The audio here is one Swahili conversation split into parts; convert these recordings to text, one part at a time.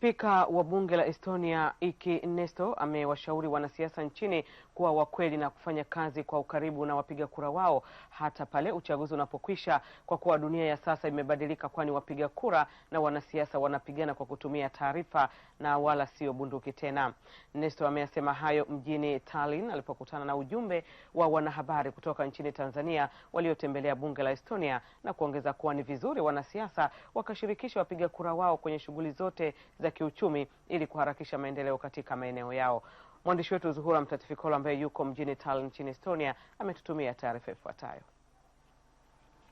Spika wa bunge la Estonia Iki Nesto amewashauri wanasiasa nchini kuwa wakweli na kufanya kazi kwa ukaribu na wapiga kura wao hata pale uchaguzi unapokwisha, kwa kuwa dunia ya sasa imebadilika, kwani wapiga kura na wanasiasa wanapigana kwa kutumia taarifa na wala sio bunduki tena. Nesto ameyasema hayo mjini Tallinn alipokutana na ujumbe wa wanahabari kutoka nchini Tanzania waliotembelea bunge la Estonia na kuongeza kuwa ni vizuri wanasiasa wakashirikisha wapiga kura wao kwenye shughuli zote za za kiuchumi ili kuharakisha maendeleo katika maeneo yao. Mwandishi wetu Zuhura Mtatifikolo ambaye yuko mjini Tallinn nchini Estonia ametutumia taarifa ifuatayo.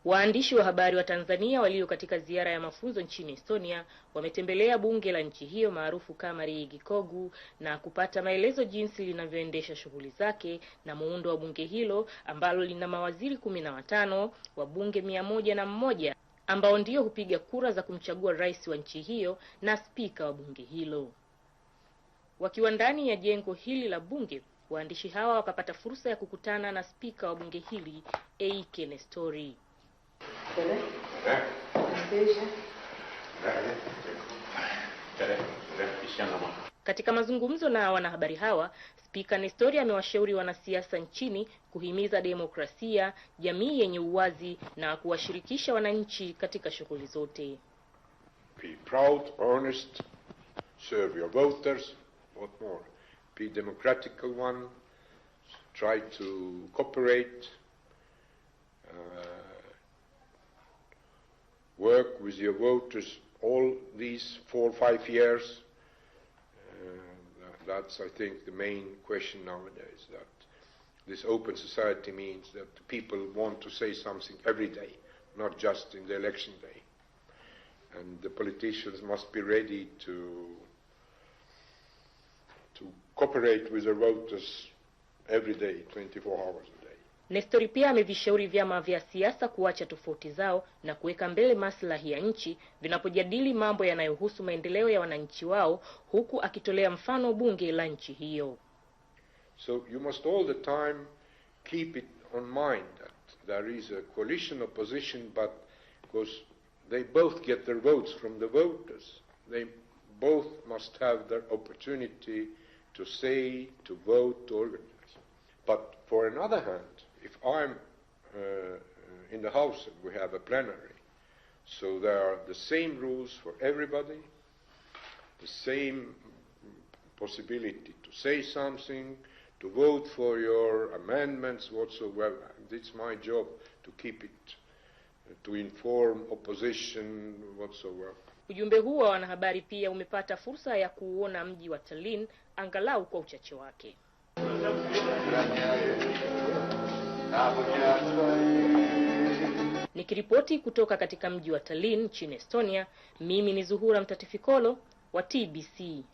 Waandishi wa habari wa Tanzania walio katika ziara ya mafunzo nchini Estonia wametembelea bunge la nchi hiyo maarufu kama Riigikogu na kupata maelezo jinsi linavyoendesha shughuli zake na muundo wa bunge hilo ambalo lina mawaziri kumi na watano, wa bunge mia moja na mmoja ambao ndio hupiga kura za kumchagua rais wa nchi hiyo na spika wa bunge hilo. Wakiwa ndani ya jengo hili la bunge, waandishi hawa wakapata fursa ya kukutana na spika wa bunge hili A.K. Nestori. Katika mazungumzo na wanahabari hawa, Spika Nestori amewashauri wanasiasa nchini kuhimiza demokrasia, jamii yenye uwazi na kuwashirikisha wananchi katika shughuli zote. Be proud, honest, serve your voters, what more? Be democratical one, try to cooperate, uh, work with your voters all these four, or five years. That's, I think, the main question nowadays. That this open society means that people want to say something every day, not just in the election day. And the politicians must be ready to to cooperate with the voters every day, 24 hours a day. Nestori pia amevishauri vyama vya siasa kuacha tofauti zao na kuweka mbele maslahi ya nchi vinapojadili mambo yanayohusu maendeleo ya wananchi wao, huku akitolea mfano bunge la nchi hiyo. So you must all the time keep it on mind that there is a coalition opposition but because they both get their votes from the voters they both must have their opportunity to say, to vote, to organize. But for another hand, if I'm uh, in the house and we have a plenary, so there are the same rules for everybody, the same possibility to say something, to vote for your amendments whatsoever. it's my job to keep it, uh, to inform opposition whatsoever. Ujumbe huo wa wanahabari pia umepata fursa ya kuuona mji wa Tallinn angalau kwa uchache wake. Nikiripoti kutoka katika mji wa Tallinn nchini Estonia, mimi ni Zuhura Mtatifikolo wa TBC.